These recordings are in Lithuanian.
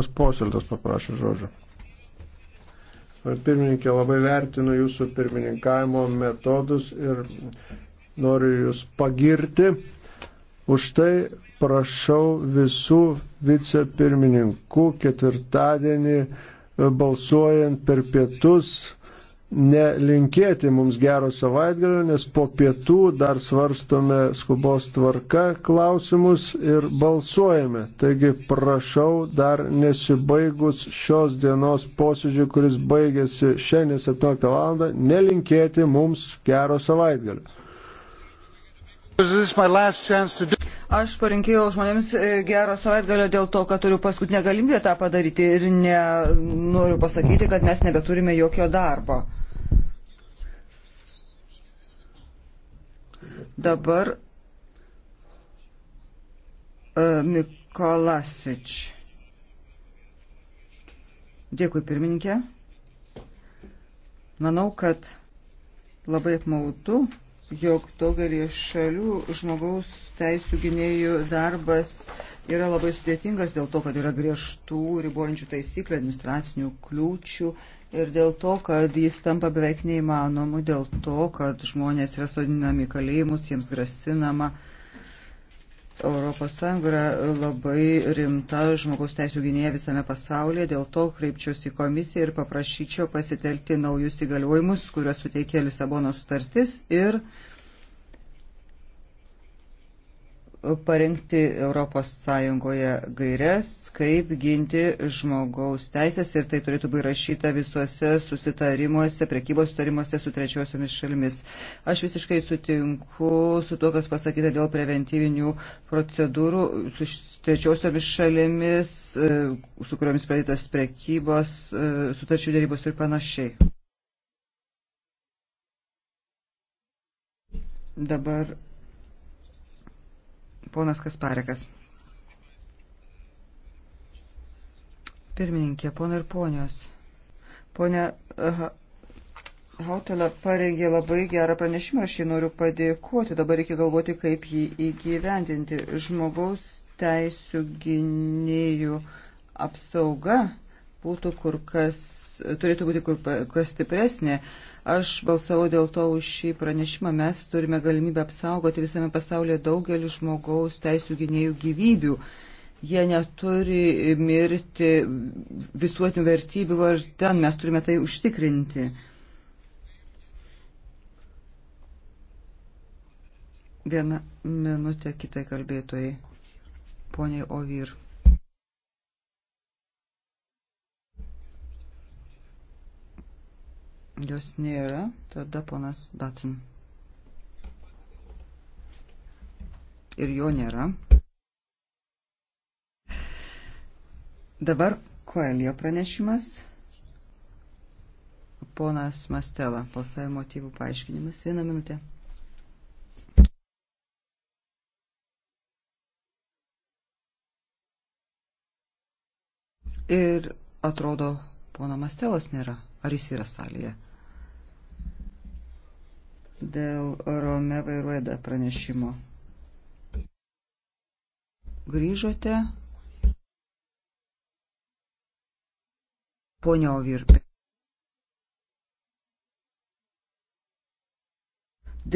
Ponas Posildas paprašė žodžio. Pirmininkė, labai vertinu jūsų pirmininkavimo metodus ir noriu jūs pagirti. Už tai prašau visų vicepirmininkų ketvirtadienį balsuojant per pietus nelinkėti mums gero savaitgalio, nes po pietų dar svarstome skubos tvarka klausimus ir balsuojame. Taigi prašau dar nesibaigus šios dienos posėdžiui, kuris baigėsi šiandien 17 val. nelinkėti mums gero savaitgalio. Aš parinkėjau žmonėms e, gero savaitgalio dėl to, kad turiu paskutinę galimybę tą padaryti ir ne, noriu pasakyti, kad mes nebeturime jokio darbo. Dabar e, Mikolasič. Dėkui, pirmininkė. Manau, kad labai apmaudu, jog daugelį šalių žmogaus teisų gynėjų darbas yra labai sudėtingas dėl to, kad yra griežtų ribojančių taisyklių, administracinių kliūčių ir dėl to, kad jis tampa beveik neįmanomu, dėl to, kad žmonės yra sodinami kalėjimus, jiems grasinama. ES yra labai rimta žmogaus teisų gynėja visame pasaulyje, dėl to kreipčiausi į komisiją ir paprašyčiau pasitelkti naujus įgaliojimus, kuriuos suteikė Lisabono sutartis ir uh, parengti ES gairias, kaip ginti žmogaus teisės ir tai turėtų būti rašyta visuose susitarimuose, prekybos sutarimuose su trečiosiomis šalimis. Aš visiškai sutinku su to, kas pasakyta dėl preventyvinių procedūrų su trečiosiomis šalimis, e, su kuriomis pradėtos prekybos, e, sutarčių dėrybos ir panašiai. Dabar Ponas Kasparekas. Pirmininkė, ponai ir ponios. Pone Hautela parengė labai gerą pranešimą, aš jį noriu padėkoti. Dabar reikia galvoti, kaip jį įgyvendinti. Žmogaus teisų gynėjų apsauga būtų kur kas, turėtų būti kur kas stipresnė. Aš balsavau dėl to už šį pranešimą. Mes turime galimybę apsaugoti visame pasaulyje daugelį žmogaus teisų gynėjų gyvybių. Jie neturi mirti visuotinių vertybių ar ten mes turime tai užtikrinti. Vieną minutę kitai kalbėtojai. Poniai Ovir. Jos nėra, tada ponas Batsin. Ir jo nėra. Dabar Koelio pranešimas. Ponas Mastela, balsavimo motyvų paaiškinimas. Vieną minutę. Ir atrodo, pono Mastelos nėra. Ar jis yra salėje? dėl Rome vairuoja pranešimo. Grįžote. Pone Ovirpė.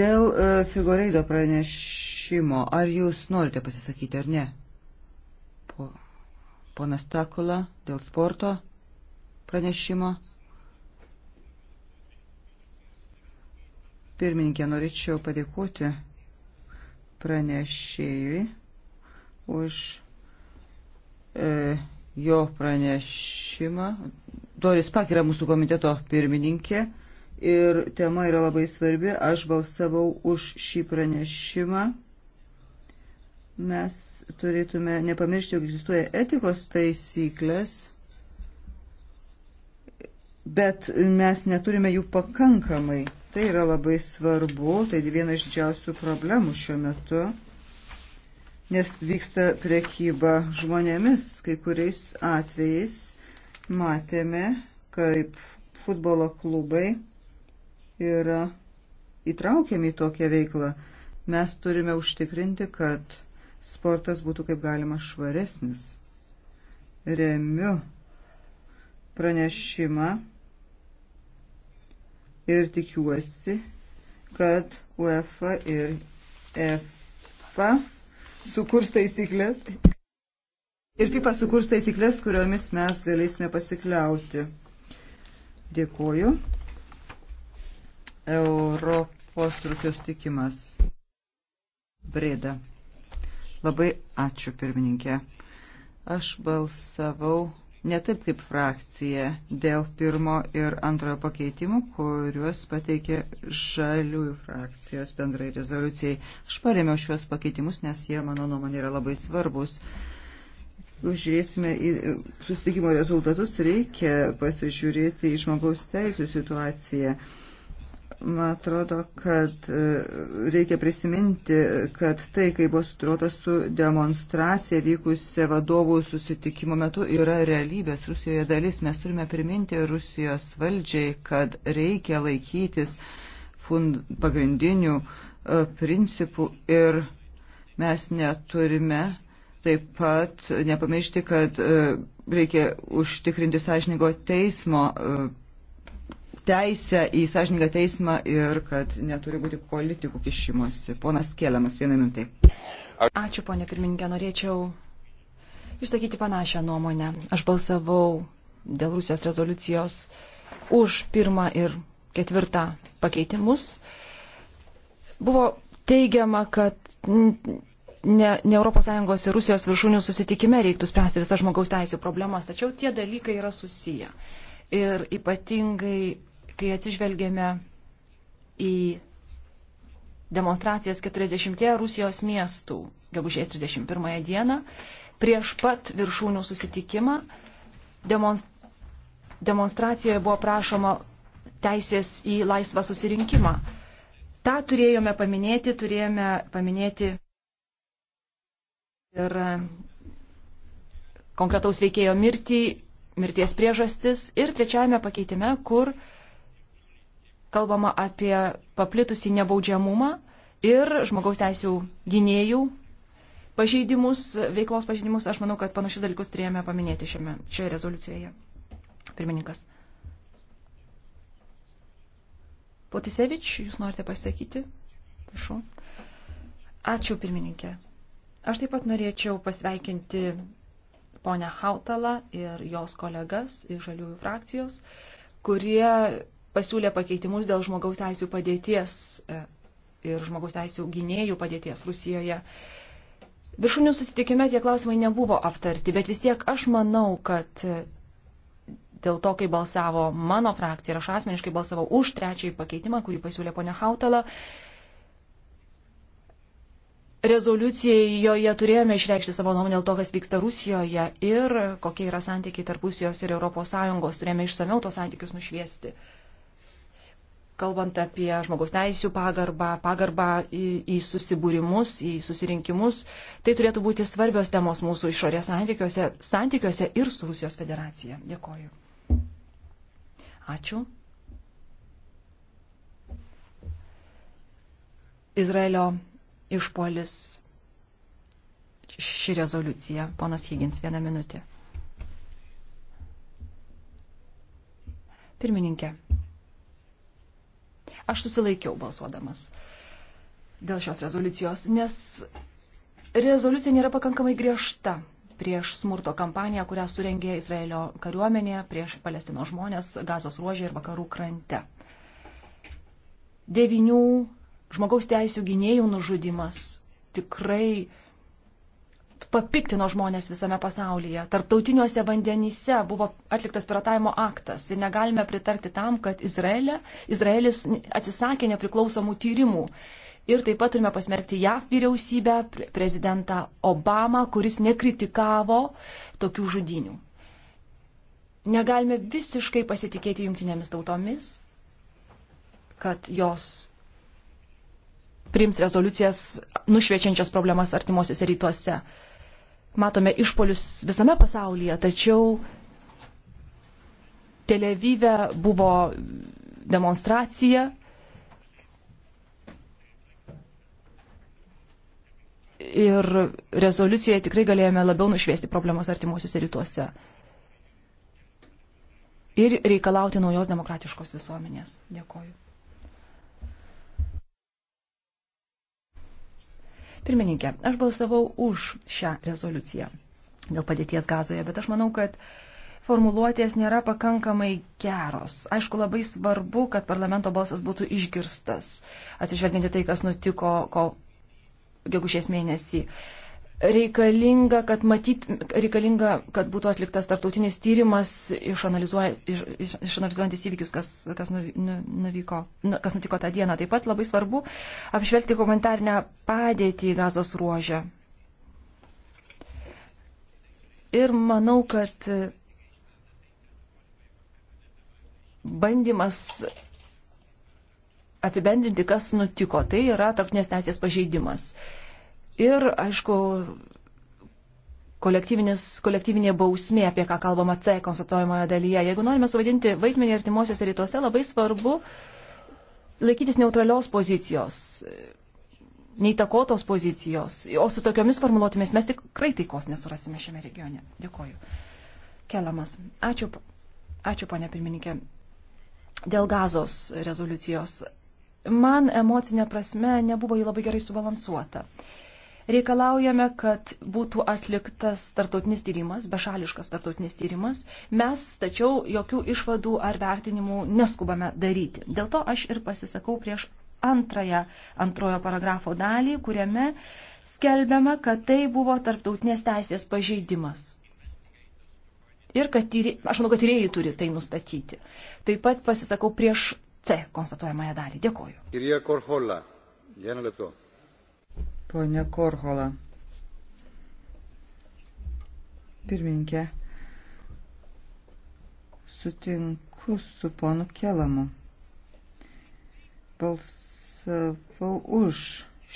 Dėl e, Figoreido pranešimo, ar jūs norite pasisakyti ar ne? Po, ponas Takula, dėl sporto pranešimo. Pirmininkė, norėčiau padėkoti pranešėjui už e, jo pranešimą. Doris Pak yra mūsų komiteto pirmininkė ir tema yra labai svarbi. Aš balsavau už šį pranešimą. Mes turėtume nepamiršti, jog egzistuoja etikos taisyklės, bet mes neturime jų pakankamai. Tai yra labai svarbu, tai viena iš didžiausių problemų šiuo metu, nes vyksta prekyba žmonėmis, kai kuriais atvejais matėme, kaip futbolo klubai yra įtraukiami į tokią veiklą. Mes turime užtikrinti, kad sportas būtų kaip galima švaresnis. Remiu pranešimą ir tikiuosi, kad UEFA ir EFA sukurs taisyklės. Ir FIFA sukurs taisyklės, kuriomis mes galėsime pasikliauti. Dėkoju. Europos Rusijos tikimas. Breda. Labai ačiū pirmininkė. Aš balsavau ne taip kaip frakcija dėl pirmo ir antrojo pakeitimų, kuriuos pateikė žaliųjų frakcijos bendrai rezoliucijai. Aš paremiau šiuos pakeitimus, nes jie, mano nuomonė, yra labai svarbus. Žiūrėsime į e, susitikimo rezultatus, reikia pasižiūrėti į žmogaus teisų situaciją. Man atrodo, kad e, reikia prisiminti, kad tai, kai buvo sutruota su demonstracija vykusi vadovų susitikimo metu, yra realybės Rusijoje dalis. Mes turime priminti Rusijos valdžiai, kad reikia laikytis fund, pagrindinių e, principų ir mes neturime taip pat nepamiršti, kad e, reikia užtikrinti sąžininko teismo teisę į sąžininką teismą ir kad neturi būti politikų kišimosi. Ponas Kėlamas, vieną minutę. Ačiū, ponė pirmininkė, norėčiau išsakyti panašią nuomonę. Aš balsavau dėl Rusijos rezoliucijos už pirmą ir ketvirtą pakeitimus. Buvo teigiama, kad ne, ne ES ir Rusijos viršūnių susitikime reiktų spręsti visas žmogaus teisų problemas, tačiau tie dalykai yra susiję. Ir ypatingai kai atsižvelgėme į demonstracijas 40 Rusijos miestų gegužės 31 dieną, prieš pat viršūnių susitikimą demonstracijoje buvo prašoma teisės į laisvą susirinkimą. Ta turėjome paminėti, turėjome paminėti ir konkretaus veikėjo mirtį, mirties priežastis ir trečiajame pakeitime, kur uh, kalbama apie paplitusį nebaudžiamumą ir žmogaus teisų gynėjų pažeidimus, veiklos pažeidimus. Aš manau, kad panašius dalykus turėjome paminėti šiame, šioje rezoliucijoje. Pirmininkas. Potisevič, jūs norite pasakyti? Prašau. Ačiū, pirmininkė. Aš taip pat norėčiau pasveikinti ponę Hautalą ir jos kolegas iš Žaliųjų frakcijos, kurie pasiūlė pakeitimus dėl žmogaus teisų padėties e, ir žmogaus teisų gynėjų padėties Rusijoje. Viršūnių susitikime tie klausimai nebuvo aptarti, bet vis tiek aš manau, kad e, dėl to, kai balsavo mano frakcija ir aš asmeniškai balsavau už trečiąjį pakeitimą, kurį pasiūlė ponia Hautala, rezoliucijoje turėjome išreikšti savo nuomonę dėl to, kas vyksta Rusijoje ir kokie yra santykiai tarp Rusijos ir ES, turėjome išsameu tos santykius nušviesti. Uh, kalbant apie žmogaus teisų pagarbą, pagarbą į, į susibūrimus, į susirinkimus, tai turėtų būti svarbios temos mūsų išorės santykiuose, santykiuose ir su Rusijos federacija. Dėkoju. Ačiū. Izraelio išpolis ši rezoliucija. Ponas Higgins, vieną minutę. Pirmininkė. Aš susilaikiau balsuodamas dėl šios rezoliucijos, nes rezoliucija nėra pakankamai griežta prieš smurto kampaniją, kurią surengė Izraelio kariuomenė prieš Palestino žmonės gazos ruožė ir vakarų krante. Devinių žmogaus teisų gynėjų nužudimas tikrai papiktino žmonės visame pasaulyje. Tarptautiniuose vandenyse buvo atliktas piratavimo aktas ir negalime pritarti tam, kad Izraelė, Izraelis atsisakė nepriklausomų tyrimų. Ir taip pat turime pasmerkti JAV vyriausybę, prezidentą Obamą, kuris nekritikavo tokių žudinių. Negalime visiškai pasitikėti jungtinėmis tautomis, kad jos priims rezoliucijas nušviečiančias problemas artimuosiuose rytuose matome išpolius visame pasaulyje, tačiau Televyve buvo demonstracija. Ir rezoliucijoje tikrai galėjome labiau nušviesti problemas artimuosiuose rytuose ir reikalauti naujos demokratiškos visuomenės. Dėkoju. Pirmininkė, aš balsavau už šią rezoliuciją dėl padėties gazoje, bet aš manau, kad formuluotės nėra pakankamai geros. Aišku, labai svarbu, kad parlamento balsas būtų išgirstas, atsižvelginti tai, kas nutiko ko gegužės mėnesį. Uh, reikalinga, kad, matyt, reikalinga, kad būtų atliktas tarptautinis tyrimas, išanalizuojant, iš, iš, išanalizuojantis įvykius, kas, kas, nu, nuvyko, nu, kas nutiko tą dieną. Taip pat labai svarbu apžvelgti komentarnę padėtį gazos ruožę. Ir manau, kad bandymas apibendrinti, kas nutiko, tai yra tarptautinės teisės pažeidimas. Uh, Ir, aišku, kolektyvinė bausmė, apie ką kalbama C konstatuojamoje dalyje. Jeigu norime suvaidinti vaidmenį artimuosiuose rytuose, labai svarbu laikytis neutralios pozicijos, neįtakotos pozicijos. O su tokiomis formuluotėmis mes tikrai taikos nesurasime šiame regione. Dėkoju. Keliamas. Ačiū, ačiū ponė pirmininkė. Dėl gazos rezoliucijos. Man emocinė prasme nebuvo jį labai gerai subalansuota. Uh, reikalaujame, kad būtų atliktas tartautinis tyrimas, bešališkas tartautinis tyrimas. Mes tačiau jokių išvadų ar vertinimų neskubame daryti. Dėl to aš ir pasisakau prieš antrąją antrojo paragrafo dalį, kuriame skelbiama, kad tai buvo tarptautinės teisės pažeidimas. Ir kad tyri, aš manau, kad tyrėjai turi tai nustatyti. Taip pat pasisakau prieš C konstatuojamąją dalį. Dėkoju. Pone Korhola. Pirminkė, sutinku su ponu Kelamu. Balsavau už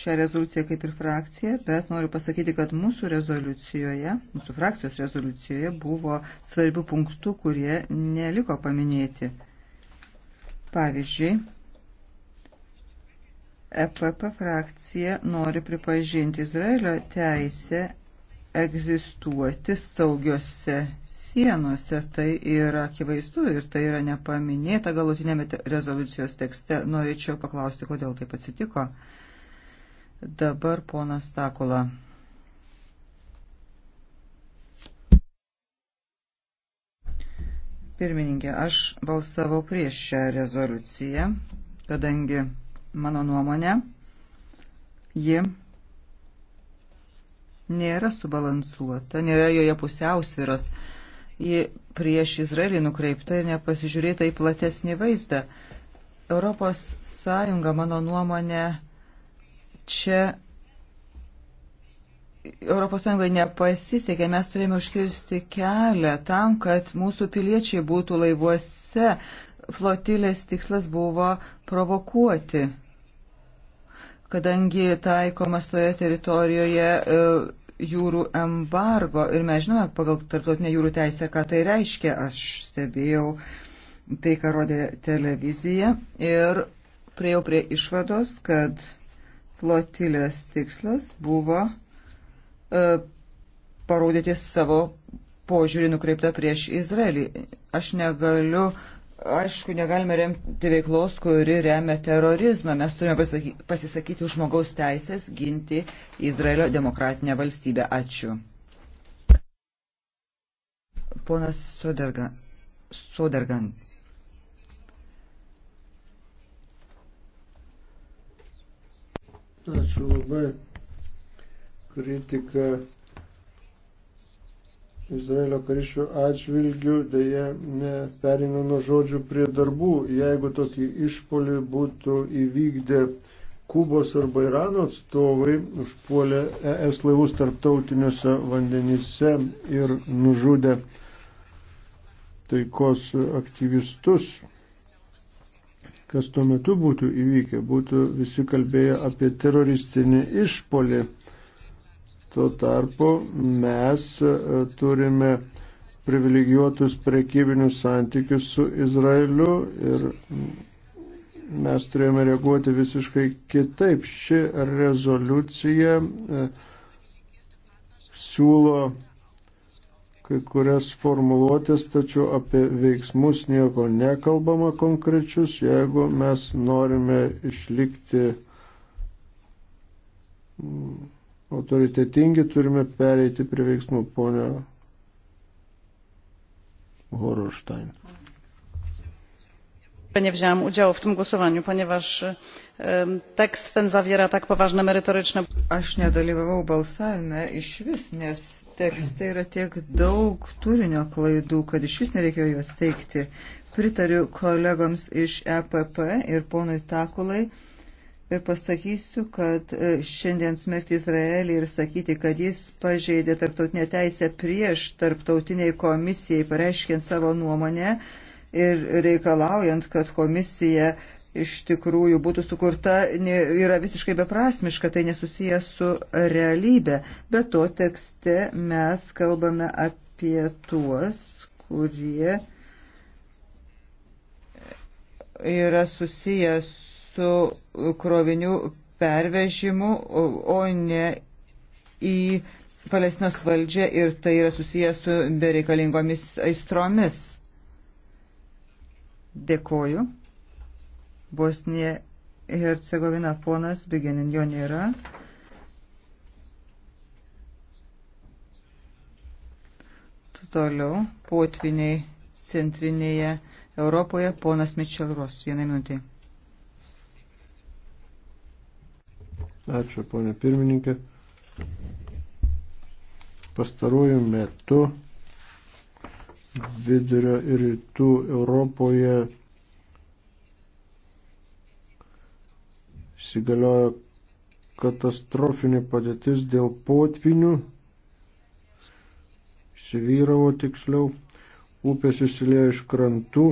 šią rezoliuciją kaip ir frakcija, bet noriu pasakyti, kad mūsų rezoliucijoje, mūsų frakcijos rezoliucijoje buvo svarbių punktų, kurie neliko paminėti. Pavyzdžiui, EPP frakcija nori pripažinti Izraelio teisę egzistuoti saugiose sienose. Tai yra akivaizdu ir tai yra nepaminėta galutinėme rezoliucijos tekste. Norėčiau paklausti, kodėl taip atsitiko. Dabar ponas Takula. Pirmininkė, aš balsavau prieš šią rezoliuciją, kadangi Mano nuomonė, ji nėra subalansuota, nėra joje pusiausviros. Ji prieš Izraelį nukreipta ir nepasižiūrėta į platesnį vaizdą. Europos Sąjunga, mano nuomonė, čia Europos Sąjungai nepasisekė. Mes turėjome užkirsti kelią tam, kad mūsų piliečiai būtų laivuose, flotilės tikslas buvo provokuoti, kadangi taikomas toje teritorijoje e, jūrų embargo ir mes žinome pagal tarptautinę jūrų teisę, ką tai reiškia. Aš stebėjau tai, ką rodė televizija ir priejau prie išvados, kad flotilės tikslas buvo e, parodyti savo požiūrį nukreiptą prieš Izraelį. Aš negaliu Aišku, negalime remti veiklos, kuri remia terorizmą. Mes turime pasisakyti už žmogaus teisės, ginti Izraelio demokratinę valstybę. Ačiū. Ponas Soderga, Sodergan. Ačiū labai. Kritika Izraelio kariškių atžvilgių dėje neperina nuo žodžių prie darbų. Jeigu tokį išpolį būtų įvykdę Kubos arba Irano atstovai, užpuolė ES laivus tarptautiniuose vandenyse ir nužudė taikos aktyvistus. Kas tuo metu būtų įvykę, būtų visi kalbėję apie teroristinį išpolį Tuo tarpu mes e, turime privilegijuotus prekybinius santykius su Izraeliu ir mes turėjome reaguoti visiškai kitaip. Ši rezoliucija e, siūlo kai kurias formuluotės, tačiau apie veiksmus nieko nekalbama konkrečius, jeigu mes norime išlikti autoritetingi, turime pereiti prie veiksmų, ponia Horoštain. Nie wzięłam udziału w tym głosowaniu, ponieważ um, tekst ten zawiera tak poważne merytoryczne. Aš nedalyvavau balsavime iš vis, nes tekste yra tiek daug turinio klaidų, kad iš vis nereikėjo juos teikti. Pritariu kolegoms iš EPP ir ponui Takulai ir pasakysiu, kad e, šiandien smerkti Izraelį ir sakyti, kad jis pažeidė tarptautinę teisę prieš tarptautiniai komisijai, pareiškiant savo nuomonę ir reikalaujant, kad komisija iš tikrųjų būtų sukurta, yra visiškai beprasmiška, tai nesusiję su realybė. Be to tekste mes kalbame apie tuos, kurie yra susijęs su krovinių pervežimu, o ne į Palestinos valdžią ir tai yra susijęs su bereikalingomis aistromis. Dėkoju. Bosnija Hercegovina ponas Bigenin jo nėra. Toliau potviniai centrinėje Europoje ponas Mičel Ros. Vieną minutį. Ačiū, ponė pirmininkė. Pastaruoju metu vidurio ir rytų Europoje įsigaliojo katastrofinė padėtis dėl potvinių, įsivyravo tiksliau, upės įsilėjo iš krantų,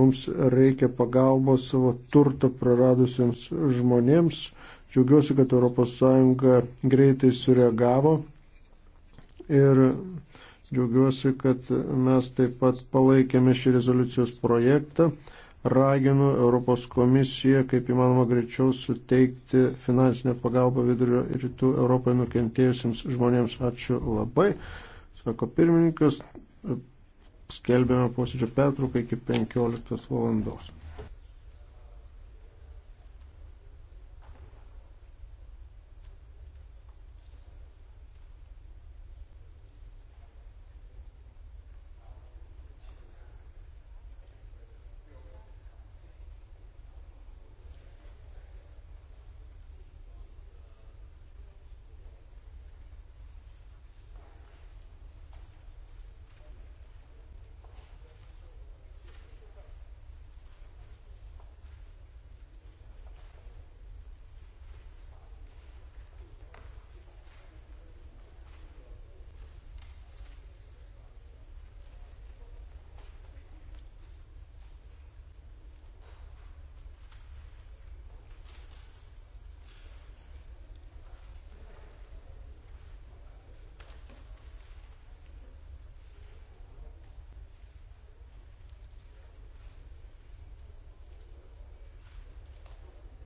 mums reikia pagalbos savo turtą praradusiems žmonėms Džiaugiuosi, kad ES greitai sureagavo ir džiaugiuosi, kad mes taip pat palaikėme šį rezoliucijos projektą. Raginu Europos komisiją, kaip įmanoma greičiau, suteikti finansinę pagalbą vidurio ir rytų Europai nukentėjusiems žmonėms. Ačiū labai. Sako pirmininkas, skelbėme posėdžio pertrauką iki 15 valandos.